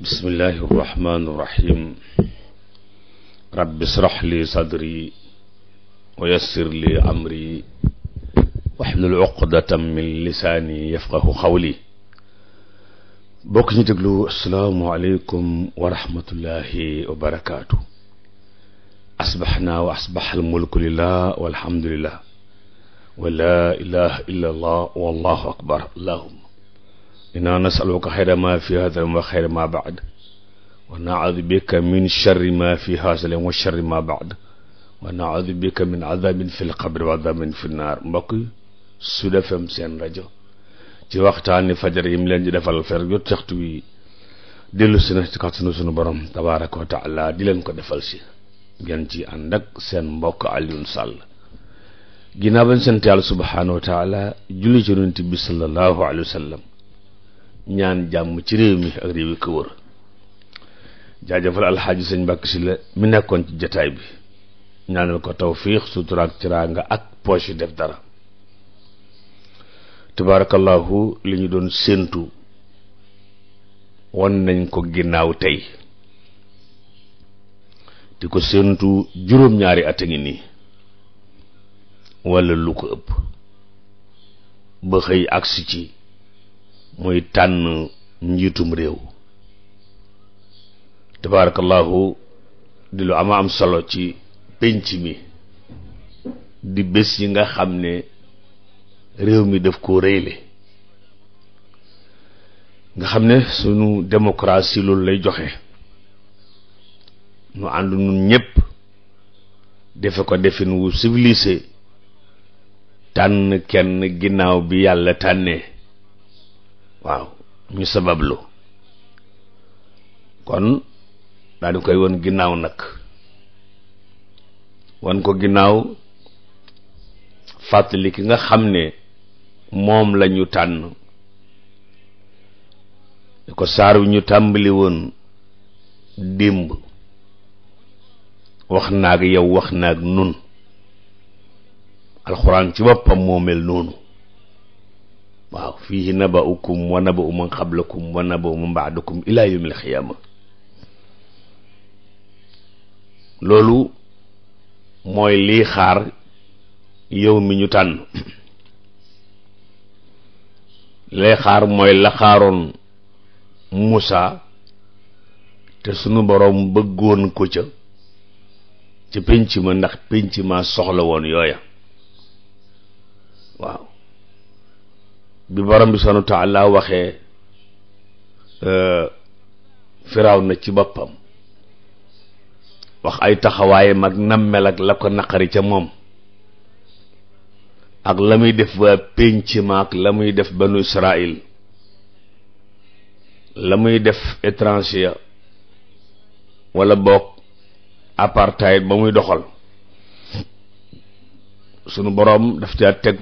bismillahi irrahmani irrahim rabbi israh li sadri wa yassir li amri waxlul uqdatan min lisaani yafqahu xawli bokk ñu déglu asalaamualeykum wa rahmatullahi wa barakaatu asbaxnaa wa asbax almulku lillah walhamdulillah wa la ilaha illa allah wallahu akbar allahumma inna nasaluka xayra ma fi hada wa xayra ma baad wa naudu bika min charri ma fi hada wa charri ma baad wa naudu bika min adabin fi lqabri wa adabin fi naar mbokk Sud FM seen rajo ci waxtaani fajar yi mu leen di defal fer jot waxtu wi dellu si na ci kàttanu sunu borom tabaaraka wa taala di leen ko defal si ngeen ci ànd ak seen mbokk Alioune Sall ginnaaw bañ sant yàlla subhaanahu wa taala julli ci yonent bi sallallahu alayhi wa sallam ñaan jàmm ci réew mi ak réew yi ko alxaaji sëñ Mbàkke Sylla mu nekkoon ci jataay bi ñaanal ko tawfiix sutura ak tiraanga ak poche def dara tabaarakallaahu li ñu doon séentu won nañ ko ginnaaw tey di ko séentu juróom-ñaari at a ngi nii walla lu ko ëpp ba xëy agsi ci muy tànn njiitum réew tabaarakallaahu di lu ama am solo ci pénc mi di bés yi nga xam ne réew mi daf koo réyle nga xam ne sunu démocratie loolu lay joxe nu ànd ñépp defe ko defin wu civilisé tànn kenn ginnaaw bi yàlla tànnee waaw ñu sabablu kon daal koy won ginnaaw nag wan ko ginnaaw fàttali ki nga xam ne moom lañu tànn li ko saar wi ñu tàmbali woon dimb wax naag yow wax naag nun alxuraan ci boppam moo noonu waaw fiihi naba'ukum wa naba'u man qablakum wa naba'u man ba'dakum ilaa yawmil qiyaama loolu mooy lii xaar yow mi ñu tànn lay xaar mooy la xaaroon Muusa te sunu boroom bëggoon ko ca ca pénc ma ndax pénc ma soxla woon yooya waaw bi borom bi subhaanahu wa taala waxee euh, firaaw na ci boppam wax ay taxawaayam ak nammel ak la ko naqari ca moom ak la muy def waa ci ma ak la muy def banu israil la muy def étranger wala boog apartheid ba muy doxal sunu boroom daf caa teg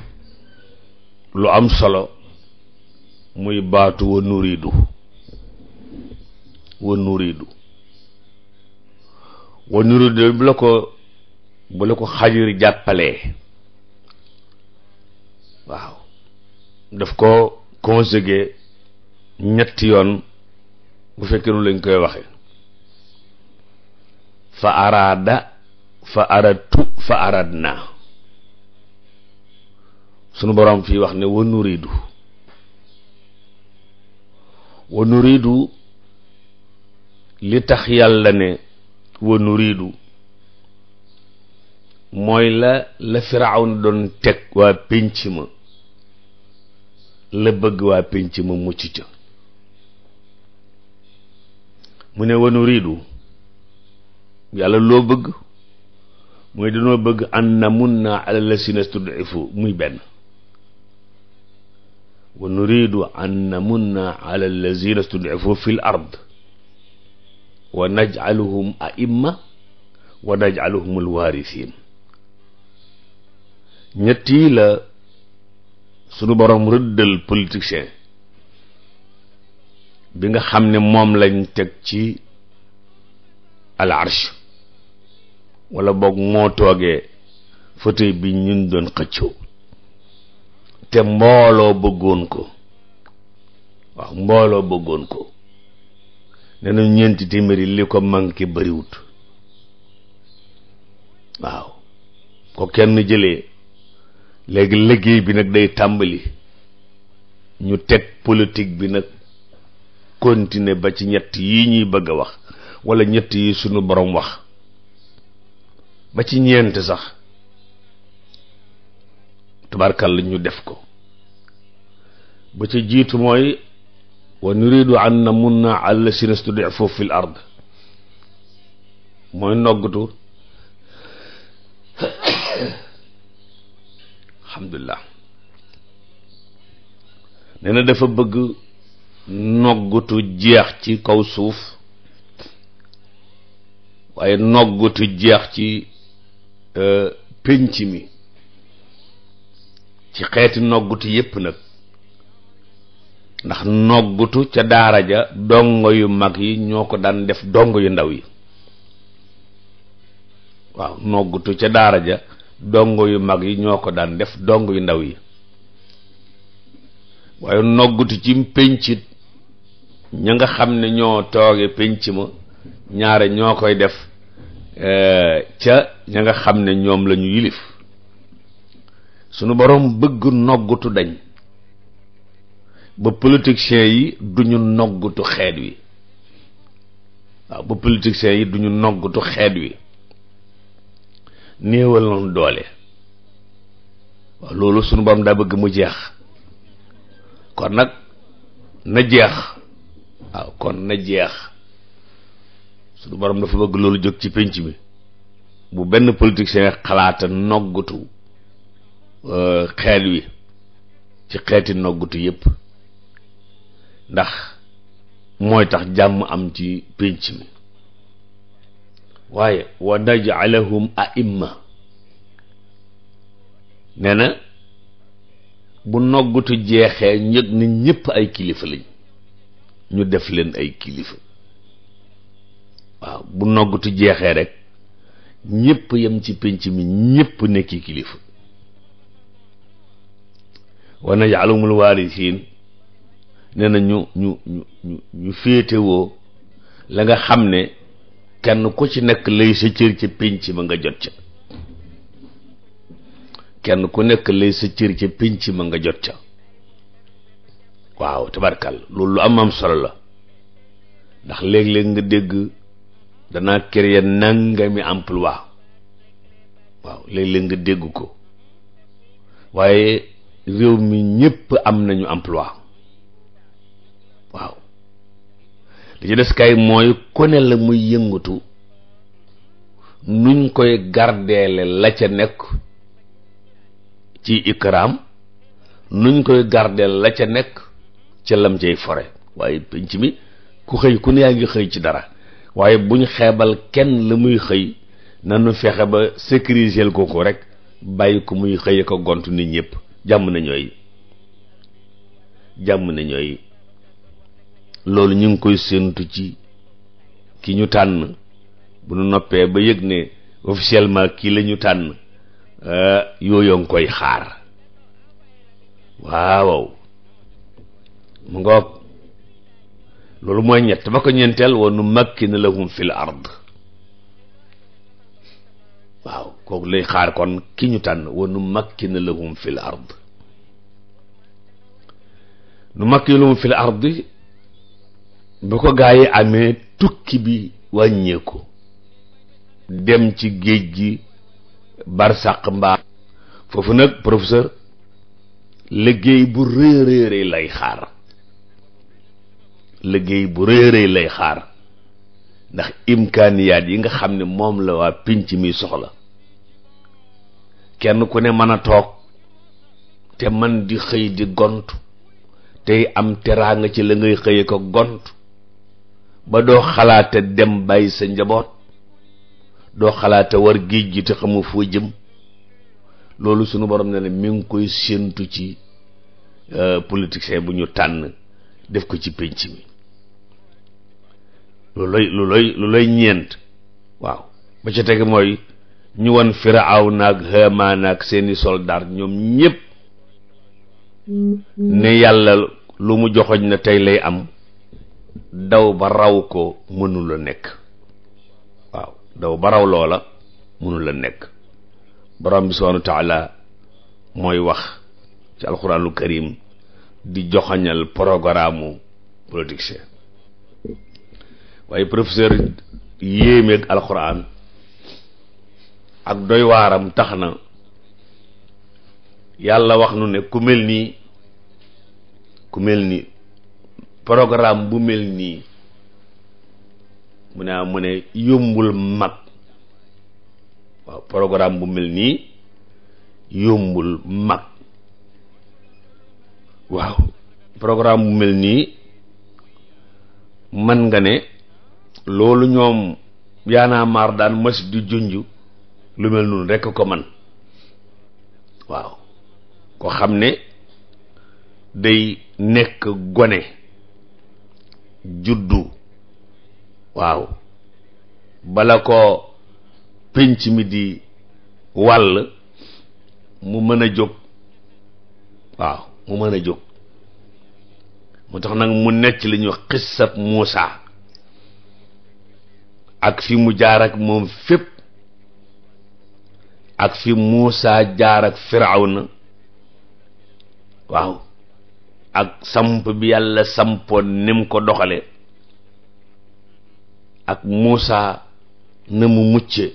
lu am solo muy baatu wa nuridu wa nuridu wa nuridu bu la ko bu la ko xajir jàppale waaw daf ko conjugué ñetti yoon bu fekkee nu lañ koy waxe fa araada fa aradtu fa aradna sunu boroom fii wax ne wa nuridu wa riidu li tax yàlla ne wa nuridu mooy la la firawn doon teg waa pénc ma la bëgg waa pénc ma ci ca mu ne wa nuridu yàlla loo bëgg mooy dañoo bëgg an namunna ala lasina studifu muy benn wa nuridu an namunna ala allazina studifu fi l ard wa najcaluhum aimma wa najcaluhum alwaarisin ñett yi la sunu borom rëddal politicien bi nga xam ne moom lañ teg ci al arsh wala boog moo toogee fauteuil bi ñun doon xëccoo te mbooloo bëggoon ko waaw mbooloo bëggoon ko nee na ñeenti téeméeri li ko manqué bariwut waaw ko kenn jëlee léegi liggéey bi nag day tàmbali ñu teg politik bi nag continuer ba ci ñett yi ñuy bëgg a wax walla ñett yi sunu borom wax ba ci ñeent sax tabarkalla ñu def ko ba ca jiitu mooy wa nuridu an na mun na àll si nastudifu fi ard mooy noggatu alhamdulilah nee na dafa bëgg noggatu jeex ci kaw suuf waaye noggatu jeex ci euh, pinc mi ci xeeti noggutu yépp nag ndax noggutu ca daara ja dongo yu mag yi ñoo ko daan def dongo yu ndaw yi waaw noggutu ca daara ja dongo yu mag yi ñoo ko daan def dongo yu ndaw yi waaye noggutu ci péncit ña nga xam ne ñoo tooge pénc ma ñaare ñoo koy def eh, ca ña nga xam ne ñoom lañu ñu yilif sunu boroom bëgg noggutu dañ ba politiciens yi duñu noggutu xeet wi waaw ba politiciens yi duñu noggutu xeet wi néewal noonu doole loolu sunu borom daa bëgg mu jeex kon nag na jeex waaw kon na jeex sunu boroom dafa bëgg loolu jóg ci pénc bi bu benn politicien xalaata noggutu Euh, xeet wi ci xeeti noggutu yépp ndax mooy tax jàmm am ci pénc mi waaye wa naj'alahum a'imma nee bu noggutu jeexee ñëg ni ñëpp ay kilifa lañ ñu def leen ay kilifa waaw bu noggutu jeexee rek ñëpp yem ci pénc mi ñëpp nekki kilifa wa naj'alahumul waarisiin nee na ñu ñu ñu ñu ñu féetewoo la nga xam ne kenn ku ci nekk lay sa cër ci ma nga jot ca kenn ku nekk lay ci pénc ma nga jot ca waaw tabarkal loolu lu am am solo la ndax léeg-léeg nga dégg danaa créer nangami emploi waaw léeg-léeg nga dégg ko waaye réew mi ñëpp am nañu emploi waaw li ci des kay mooy kone la muy yëngatu nuñ koy gardeele la ca nekk ci ikraam nuñ koy gardeele la ca nekk ca lam cay fore waaye penc mi ku xëy ku ne yaa ngi xëy ci dara waaye buñ xeebal kenn la muy xëy nanu fexe ba sécuriser ko ko rek bàyyi ko muy xëy ko gont nit ñëpp jàmm na ñooy jàmm na ñooy loolu ñu ngi koy séentu ci ki ñu tànn bu nu noppee ba yëg ne officiellement kii lañu tànn euh, yooyoo ngi koy xaar waaw mu ngoog loolu mooy ñett ba ko ñenteel wa nu makkina lahum fil ard waaw kooku lay xaar kon ki ñu tànn wa nu makkina lahum fil ard nu makkina lahum fil ard bu ko gaa amee tukki bi wàññeeku dem ci géej gi barsàq mbaa foofu nag professeur liggéey bu réeréeré lay xaar liggéey bu réeréy lay xaar ndax imkaaniyaat yi nga xam ne moom la waa pinc mi soxla kenn ku ne mën a toog te mën di xëy di gont tey am teraanga ci la ngay xëye ko gont ba doo xalaata dem bàyyi sa njaboot doo xalaata war géej gi te xamu foo jëm loolu sunu borom ne ne mi ngi koy séentu ci euh, politicien bu ñu tànn def ko ci pénc mi lu lay lu lay lu lay ñeent waaw ba ca teg mooy ñu won firaaw naag Haamaan ak seeni soldaar ñoom ñépp ne yàlla lu mu joxoñ na tey lay am daw ba raw ko mënula nekk waaw daw ba raw loola mënula nekk borom bi subhaanahu wa mooy wax ci alxuraanul karim di joxoñal programme politique waaye professeur yéemeeg alxuraan ak doy waaram tax na yàlla wax nu ne ku mel nii ku mel nii programme bu mel nii mu ne mu ne yombul mag waaw programme bu mel nii yombul mag waaw programme bu mel nii man nga ne loolu ñoom yaanaa daan mas di junju lu mel noonu rekk ko man waaw ko xam ne day nekk gone juddu waaw bala ko pinc mi di wàll mu mën a jóg waaw mu mën a jóg moo tax nag mu nekk li ñuy wax xissab Muusa ak fi mu jaar ak moom fépp ak fi Muusa jaar ak Firawna waaw ak samp bi yàlla sampoon ni ko doxale ak Muusa na mu mucce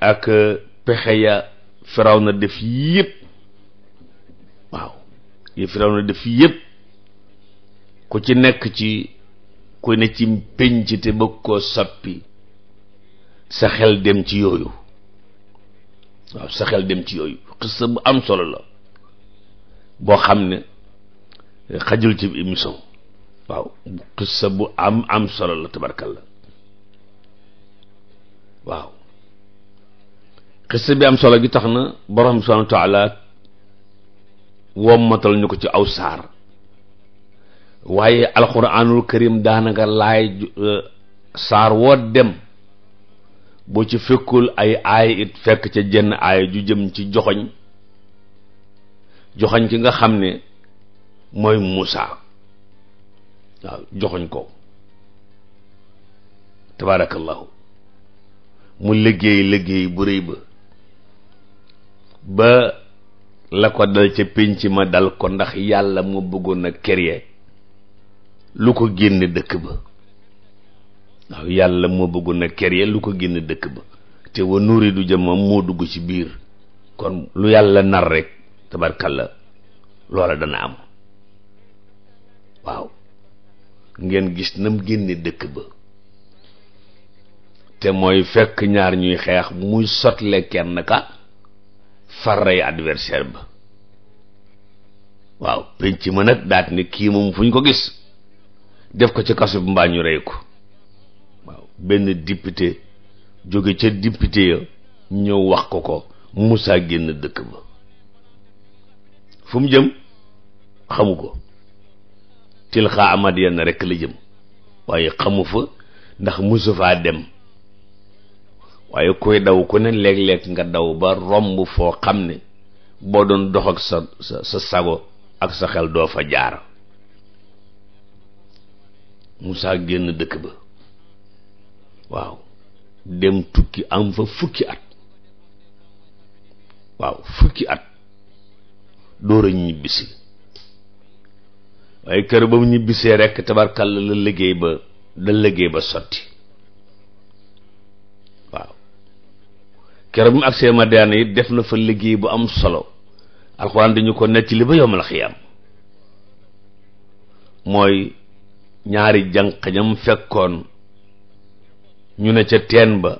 ak euh, pexe ya na def yëpp waaw yi Firawna def yëpp ku ci nekk ci ku ne ci pénc bëgg koo soppi sa xel dem ci yooyu waaw sa xel dem ci yooyu xista bu am solo la boo xam ne xajul ci émission waaw xista bu am am solo la tabarkalla waaw xista bi am solo gi tax na borom subhanahu wa taala wommatal ñu ko ci aw saar waaye alquranul karim daanaka laay euh, saar woo dem boo ci fekkul ay aay it fekk ca jenn aay ju jëm ci joxoñ joxoñ ki nga xam ni mooy Muusa waaw joxoñ ko tabaarakallahu mu liggéey liggéey bu rëy ba ba la ko dal ca pénc ma dal ko ndax yàlla mu bëggoon a kéré lu ko génne dëkk ba waaw yàlla moo bëggoon na kër ya lu ko génn dëkk ba te wa nuuri du jëmmam moo dugg ci biir kon lu yàlla nar rek tabarkalla loola dana am waaw ngeen gis nam génne dëkk ba te mooy fekk ñaar ñuy xeex muy sotle kenn ka farrey adversaire ba waaw ci mën nag daat ne kii moom fu ñu ko gis def ko ci kaso bi mbaa ñu rey ko benn député jóge ca député ya ñëw wax ko ko Moussa génn dëkk ba fu mu jëm xamu ko tilxaa amad yenn rekk la jëm waaye xamu fa ndax musu faa dem waaye koy daw ko ne léeg-léeg nga daw ba romb foo xam ne boo doon dox ak sa sa sago ak sa xel doo fa jaar Moussa génn dëkk ba waaw dem tukki am fa fukki at waaw fukki at door ñibbisi waaye kër ba mu ñibbisee rekk tabarkàlla la liggéey ba da liggéey ba sotti waaw kër bu mu agsee Madiyaana yi def na fa liggéey bu am solo alxuraan dañu ko netti li ba yowmal xiyaam mooy ñaari jànq ñam fekkoon ñu ne ca teen ba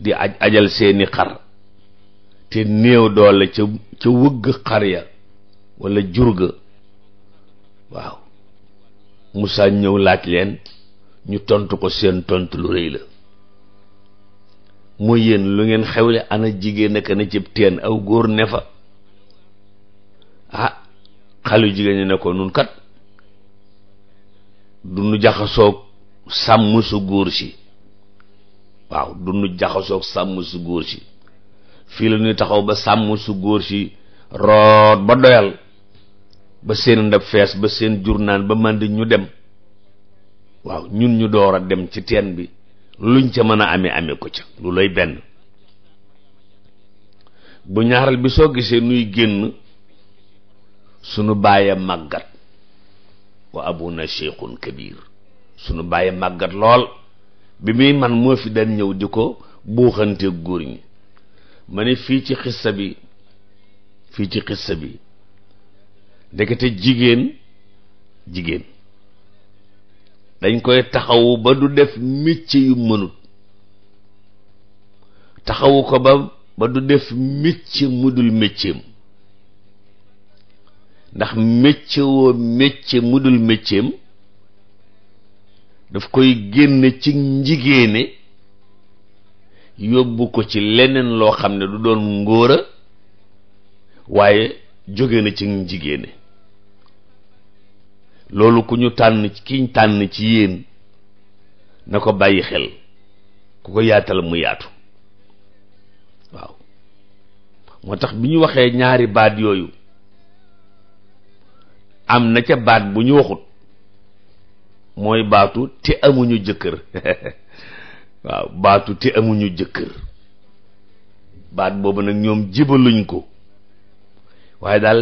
di aj ajal seeni xar te néew doole ca ca wëgg xar ya walla jurga waaw musaa ñëw laaj leen ñu tontu ko seen tontu lu rëy la mooy yéen lu ngeen xewle ana jigéen ak na cib teen aw góor ne fa ah xalu jigéen ñi ne ko nun du nu jaxasoo sàmm su góor si waaw dund jaxasoog sàmm su góor si fii la taxaw ba sàmm su góor si root ba doyal ba seen ndab fees ba seen jur ba màndi ñu dem waaw ñun ñu door a dem ci teen bi luñ ca mën a amee amee ko ca lu lay benn bu ñaaral bi soo gisee nuy génn sunu bàyyee màggat wa na cheikhun kabir sunu bàyyee màggat lool bi muy man moo fi daan ñëw di ko buuxante góor ñi ma ne fii ci xissa bi fii ci xissa bi ndekete jigéen jigéen dañ koy taxawu ba du def métier yu mënut taxawu ko ba ba du def métier mu dul métier ndax métier woo métier mu dul métier daf koy génn ci njigéene yóbbu ko ci leneen loo xam ne du doon ngóora waaye jóge na ci njigéene loolu ku ñu tànn kiñ tànn ci yéen na ko bàyyi xel ku ko yaatal mu yaatu waaw moo tax bi ñu waxee ñaari baat yooyu am na ca baat bu ñu waxut mooy baatu te amuñu jëkkër waaw baatu te amuñu jëkkër baat boobu nag ñoom jibaluñ ko waaye daal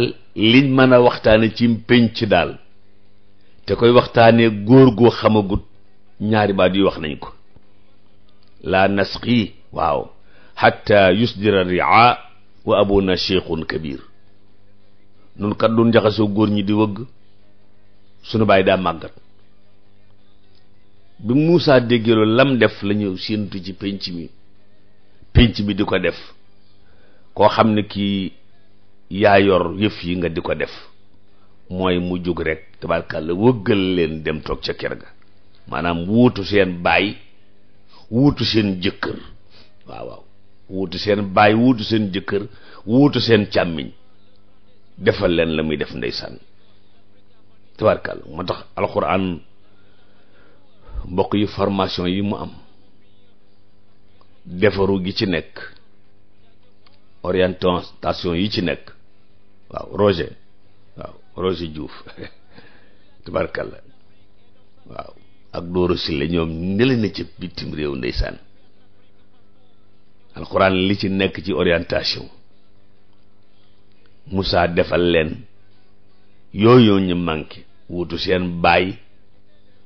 liñ mën a waxtaane ci pénc daal te koy waxtaanee góor goo xamagut ñaari baat yu wax nañ ko laa nasqi waaw hatta yusdira ria wa abuna cheikhun kabir nun kat jaxasoo góor ñi di wëgg sunu bàyyi daa màggat bi Moussa déggee loolu lam def lañu ñëw séentu ci pénc mi pénc mi di ko def koo xam ne kii yaa yor yëf yi nga di ko def mooy mu jóg rek tabarkàlla wëggal leen dem toog ca kër ga maanaam wuutu seen baay wuutu seen jëkkër waaw wuutu seen baay wuutu seen jëkkër wuutu seen càmmiñ defal leen la muy def ndeysaan tabarkàlla moo tax alxuraan mbokk yi formation yi mu am defaru gi ci nekk orientation yi ci nekk waaw Roger waaw Roger Diouf tubarkalla waaw ak Doro Sile ñoom nele na ci bitim réew ndeysaan alxuraan li ci nekk ci orientation musaa defal leen yooyu ñu manqué wutu seen baay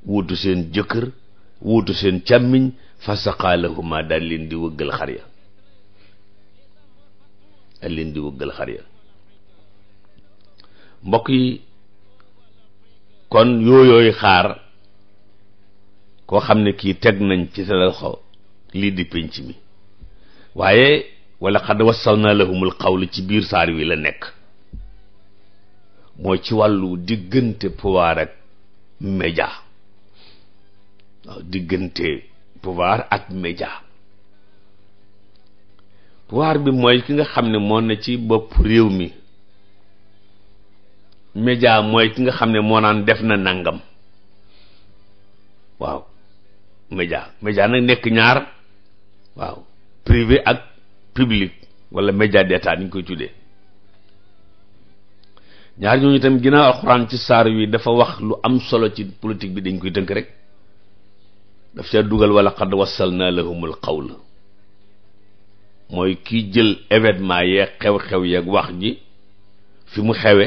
wuutu seen jëkkër wuutu seen càmmiñ fa saqaalahuma daal leen di wëggal xar di wëggal mbokk yi kon yooyooy xaar koo xam ne kii teg nañ ci sa loxo lii di pénc mi waaye wala xad wassalna xaw la ci biir saar wi la nekk mooy ci wàllu diggante pouvoir ak média diggante pouvoir ak media pouvoir bi mooy ki nga xam ne moo ne ci bopp réew mi média mooy ki nga xam ne moo naan def na nangam waaw media media nag nekk ñaar waaw privé ak public wala média d'état ni ñu koy tuddee ñaar ñooñu itam ginnaaw alxuraan ci saar yi dafa wax lu am solo ci politique bi dañ koy dënk rek daf ca dugal naa qad wassalna xaw la mooy kiy jël événement yeeg xew-xew yeeg wax ji fi mu xewe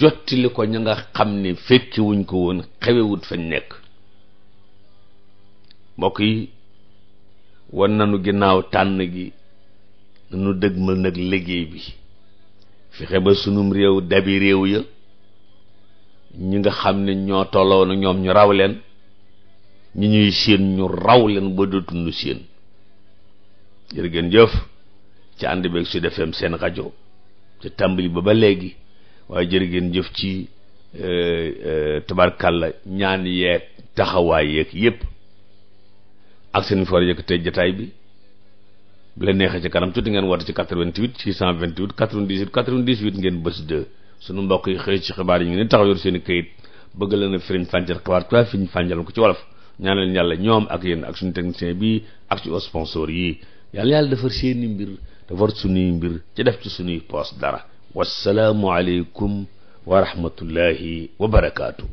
jottili ko ñu nga xam ne fekki wuñ ko woon xewewut fañ nekk mbokk yi wan nanu ginnaaw tànn gi nanu dëgmal nag liggéey bi fexe ba sunum réew dabi réew ya ñi nga xam ne ñoo tolloo ñoom ñu raw leen ñi ñuy séen ñu raw leen ba du tund dootuñu jër jërëgeen jëf ci ànd beeg Sud FM seen rajo ci tàmbali ba ba léegi waaye jër jërëgeen jëf ci euh, euh, tabarkàlla ñaan yeeg taxawaay yeeg yépp ak seen a yëkk tey jataay bi bu leen neexee ci kanam tuuti ngeen woote ci 88 628 98 98 ngeen bës 2 sunu mbokk yi xëy ci xibaar yi ngi ne taxaw yor seen i këyit bëgg leen a firiñ fàncal xibaar quoi firiñ fàncal ko ci wolof ñaan leen yàlla ñoom ak yéen ak suñu technicien bi ak ci sponsor yi yàlla yàlla defar seeni mbir defar suñuy mbir ci def ci suñuy poos dara wasalaamualeykum wa rahmatullahi wa barakaatu.